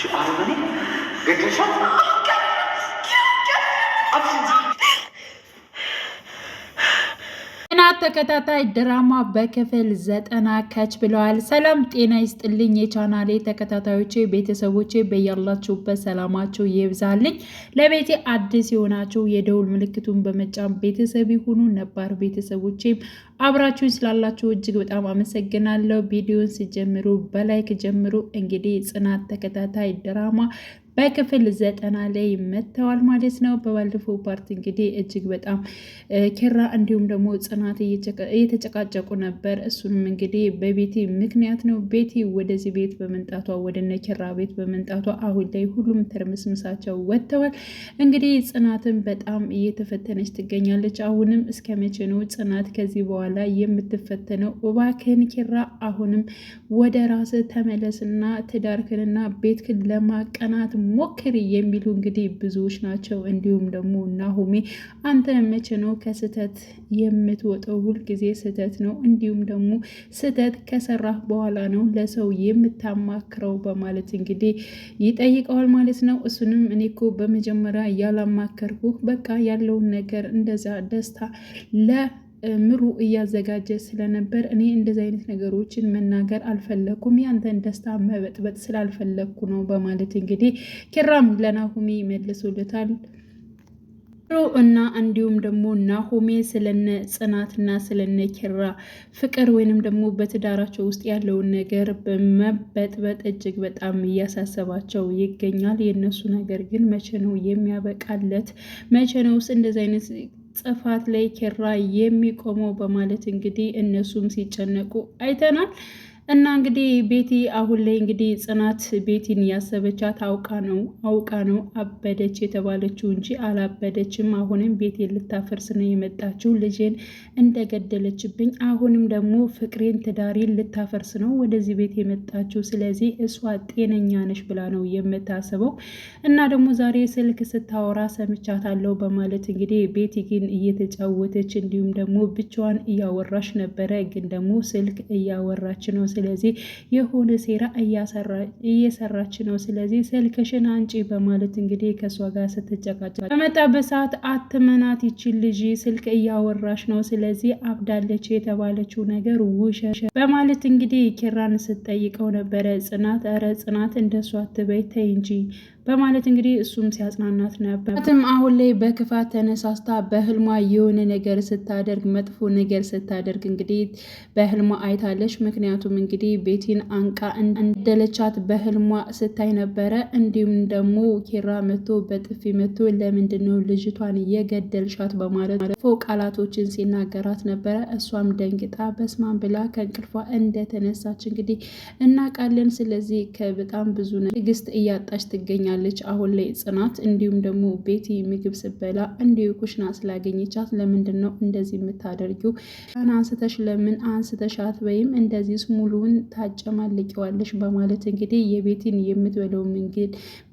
She found me. Good shot. Oh, God. Cute, God. Options. ተከታታይ ድራማ በክፍል ዘጠና ከች ብለዋል። ሰላም ጤና ይስጥልኝ የቻናሌ ተከታታዮቼ ቤተሰቦቼ፣ በያላችሁበት ሰላማችሁ ይብዛልኝ። ለቤቴ አዲስ የሆናችሁ የደውል ምልክቱን በመጫን ቤተሰብ ይሁኑ። ነባር ቤተሰቦቼም አብራችሁን ስላላችሁ እጅግ በጣም አመሰግናለሁ። ቪዲዮን ሲጀምሩ በላይክ ጀምሩ። እንግዲህ ጽናት ተከታታይ ድራማ በክፍል ዘጠና ላይ መጥተዋል ማለት ነው። በባለፈው ፓርት እንግዲህ እጅግ በጣም ኪራ እንዲሁም ደግሞ ጽናት እየተጨቃጨቁ ነበር። እሱንም እንግዲህ በቤቲ ምክንያት ነው። ቤቲ ወደዚህ ቤት በመምጣቷ ወደነ ኪራ ቤት በመምጣቷ አሁን ላይ ሁሉም ተርምስምሳቸው ወጥተዋል። እንግዲህ ጽናትን በጣም እየተፈተነች ትገኛለች። አሁንም እስከ መቼ ነው ጽናት ከዚህ በኋላ የምትፈተነው? እባክህን ኪራ አሁንም ወደ ራስ ተመለስና ትዳርክንና ቤትክን ለማቀናት ሞክሪ የሚሉ እንግዲህ ብዙዎች ናቸው። እንዲሁም ደግሞ ናሆሜ አንተ መቼ ነው ከስህተት የምትወጣው? ሁልጊዜ ስህተት ነው። እንዲሁም ደግሞ ስህተት ከሰራህ በኋላ ነው ለሰው የምታማክረው በማለት እንግዲህ ይጠይቀዋል ማለት ነው። እሱንም እኔ እኮ በመጀመሪያ ያላማከርኩ በቃ ያለውን ነገር እንደዛ ደስታ ለ ምሩ እያዘጋጀ ስለነበር እኔ እንደዚህ አይነት ነገሮችን መናገር አልፈለግኩም፣ ያንተን ደስታ መበጥበጥ ስላልፈለግኩ ነው በማለት እንግዲህ ኪራም ለናሆሜ መልሶልታል። ምሩ እና እንዲሁም ደግሞ ናሆሜ ስለነ ጽናትና ስለነ ኪራ ፍቅር ወይንም ደግሞ በትዳራቸው ውስጥ ያለውን ነገር በመበጥበጥ እጅግ በጣም እያሳሰባቸው ይገኛል። የእነሱ ነገር ግን መቼ ነው የሚያበቃለት? መቼ ነውስ እንደዚህ አይነት ጥፋት ላይ ኪራ የሚቆመው በማለት እንግዲህ እነሱም ሲጨነቁ አይተናል። እና እንግዲህ ቤቲ አሁን ላይ እንግዲህ ጽናት ቤቲን ያሰበቻት አውቃ ነው አውቃ ነው አበደች የተባለችው እንጂ አላበደችም። አሁንም ቤቴን ልታፈርስ ነው የመጣችው። ልጄን እንደገደለችብኝ፣ አሁንም ደግሞ ፍቅሬን፣ ትዳሬን ልታፈርስ ነው ወደዚህ ቤት የመጣችው። ስለዚህ እሷ ጤነኛ ነሽ ብላ ነው የምታስበው። እና ደግሞ ዛሬ ስልክ ስታወራ ሰምቻታለሁ በማለት እንግዲህ ቤቲ ግን እየተጫወተች እንዲሁም ደግሞ ብቻዋን እያወራች ነበረ፣ ግን ደግሞ ስልክ እያወራች ነው ስለዚህ የሆነ ሴራ እየሰራች ነው፣ ስለዚህ ስልክሽን አንጪ በማለት እንግዲህ ከእሷ ጋር ስትጨቃጨቅ በመጣበት ሰዓት አትመናት፣ ይችል ልጅ ስልክ እያወራሽ ነው፣ ስለዚህ አብዳለች የተባለችው ነገር ውሸት በማለት እንግዲህ ኪራን ስትጠይቀው ነበረ። ጽናት ኧረ ጽናት እንደሷ አትበይ ተይ እንጂ በማለት እንግዲህ እሱም ሲያጽናናት ነበር። ትም አሁን ላይ በክፋት ተነሳስታ በህልሟ የሆነ ነገር ስታደርግ፣ መጥፎ ነገር ስታደርግ እንግዲህ በህልሟ አይታለች። ምክንያቱም እንግዲህ ቤቲን አንቃ እንደለቻት በህልሟ ስታይ ነበረ። እንዲሁም ደግሞ ኪራ መቶ በጥፊ መቶ ለምንድነው ልጅቷን የገደልሻት በማለት መጥፎ ቃላቶችን ሲናገራት ነበረ። እሷም ደንግጣ በስማን ብላ ከእንቅልፏ እንደተነሳች እንግዲህ እናቃለን ስለዚህ ከበጣም ብዙ ትዕግስት እያጣች ትገኛለች አሁን ላይ ጽናት። እንዲሁም ደግሞ ቤቲ ምግብ ስበላ እንዲሁ ኩሽና ስላገኘቻት ለምንድን ነው እንደዚህ የምታደርጊው? አንስተሽ ለምን አንስተሻት ወይም እንደዚህ ሙሉ ሙሉውን ታጨማልቂዋለሽ በማለት እንግዲህ የቤቲን የምትበለው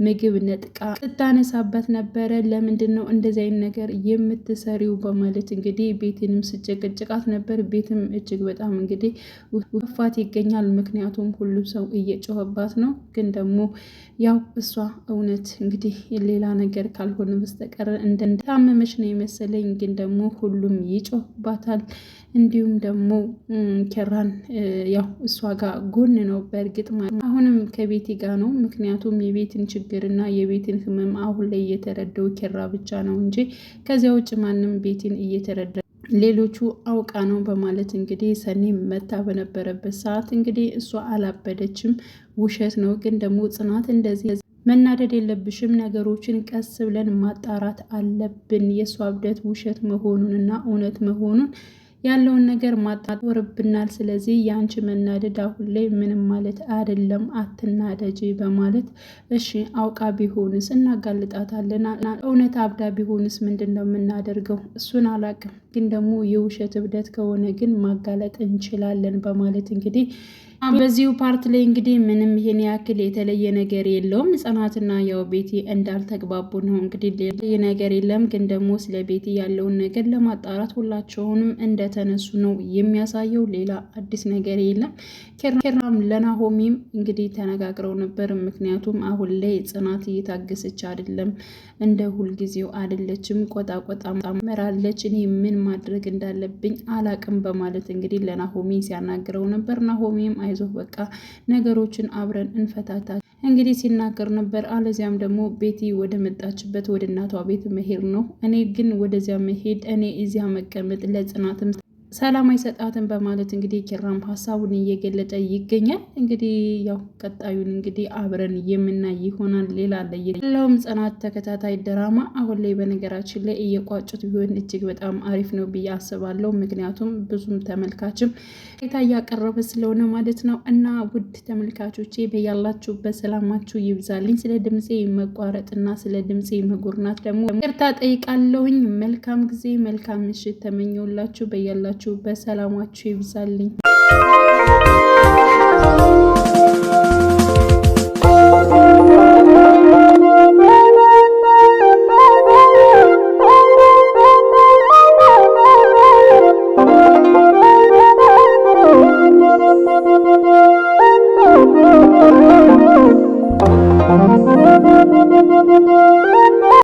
ምግብ ነጥቃ ስታነሳበት ነበረ። ለምንድን ነው እንደዚህ አይነት ነገር የምትሰሪው በማለት እንግዲህ ቤቲንም ስጨቅጭቃት ነበር። ቤትም እጅግ በጣም እንግዲህ ውፋት ይገኛል። ምክንያቱም ሁሉም ሰው እየጮኸባት ነው። ግን ደግሞ ያው እሷ እውነት እንግዲህ ሌላ ነገር ካልሆነ በስተቀር እንደታመመች ነው የመሰለኝ። ግን ደግሞ ሁሉም ይጮህባታል። እንዲሁም ደግሞ ኬራን ያው እሷ ጋር ጎን ነው። በእርግጥ አሁንም ከቤቲ ጋር ነው። ምክንያቱም የቤትን ችግርና የቤትን ህመም አሁን ላይ እየተረዳው ኬራ ብቻ ነው እንጂ ከዚያ ውጭ ማንም ቤቲን እየተረዳ ሌሎቹ አውቃ ነው በማለት እንግዲህ ሰኔ መታ በነበረበት ሰዓት እንግዲህ እሷ አላበደችም። ውሸት ነው ግን ደግሞ ጽናት እንደዚህ መናደድ የለብሽም ነገሮችን ቀስ ብለን ማጣራት አለብን የእሷ እብደት ውሸት መሆኑንና እውነት መሆኑን ያለውን ነገር ማጣት ይኖርብናል። ስለዚህ ያንቺ መናደድ አሁን ላይ ምንም ማለት አይደለም፣ አትናደጂ በማለት እሺ አውቃ ቢሆንስ እናጋልጣታለን፣ እውነት አብዳ ቢሆንስ ምንድን ነው የምናደርገው? እሱን አላቅም ግን ደግሞ የውሸት እብደት ከሆነ ግን ማጋለጥ እንችላለን በማለት እንግዲህ በዚሁ ፓርት ላይ እንግዲህ ምንም ይሄን ያክል የተለየ ነገር የለውም። ጽናትና ያው ቤቲ እንዳልተግባቡ ነው እንግዲህ የተለየ ነገር የለም። ግን ደግሞ ስለ ቤቲ ያለውን ነገር ለማጣራት ሁላቸውንም እንደተነሱ ነው የሚያሳየው። ሌላ አዲስ ነገር የለም። ኪራም ለናሆሚም እንግዲህ ተነጋግረው ነበር። ምክንያቱም አሁን ላይ ጽናት እየታገሰች አይደለም፣ እንደ ሁልጊዜው አይደለችም። ቆጣቆጣ መራለች። እኔ ምን ማድረግ እንዳለብኝ አላቅም በማለት እንግዲህ ለናሆሚ ሲያናግረው ነበር። ናሆሚም አይዞህ በቃ ነገሮችን አብረን እንፈታታ እንግዲህ ሲናገር ነበር። አለዚያም ደግሞ ቤቲ ወደ መጣችበት ወደ እናቷ ቤት መሄድ ነው። እኔ ግን ወደዚያ መሄድ እኔ እዚያ መቀመጥ ለጽናትም ሰላም አይሰጣትም በማለት እንግዲህ ኪራም ሀሳቡን እየገለጠ ይገኛል። እንግዲህ ያው ቀጣዩን እንግዲህ አብረን የምናይ ይሆናል። ሌላ ለየለውም ጽናት ተከታታይ ድራማ አሁን ላይ በነገራችን ላይ እየቋጩት ቢሆን እጅግ በጣም አሪፍ ነው ብዬ አስባለሁ። ምክንያቱም ብዙም ተመልካችም ጌታ እያቀረበ ስለሆነ ማለት ነው። እና ውድ ተመልካቾቼ በያላችሁበት ሰላማችሁ ይብዛልኝ። ስለ ድምፄ መቋረጥና ስለ ድምፄ መጎርናት ደግሞ ቅርታ ጠይቃለሁኝ። መልካም ጊዜ መልካም ምሽት ተመኘውላችሁ በያላችሁ በያላችሁበት ሰላማችሁ ይብዛልኝ።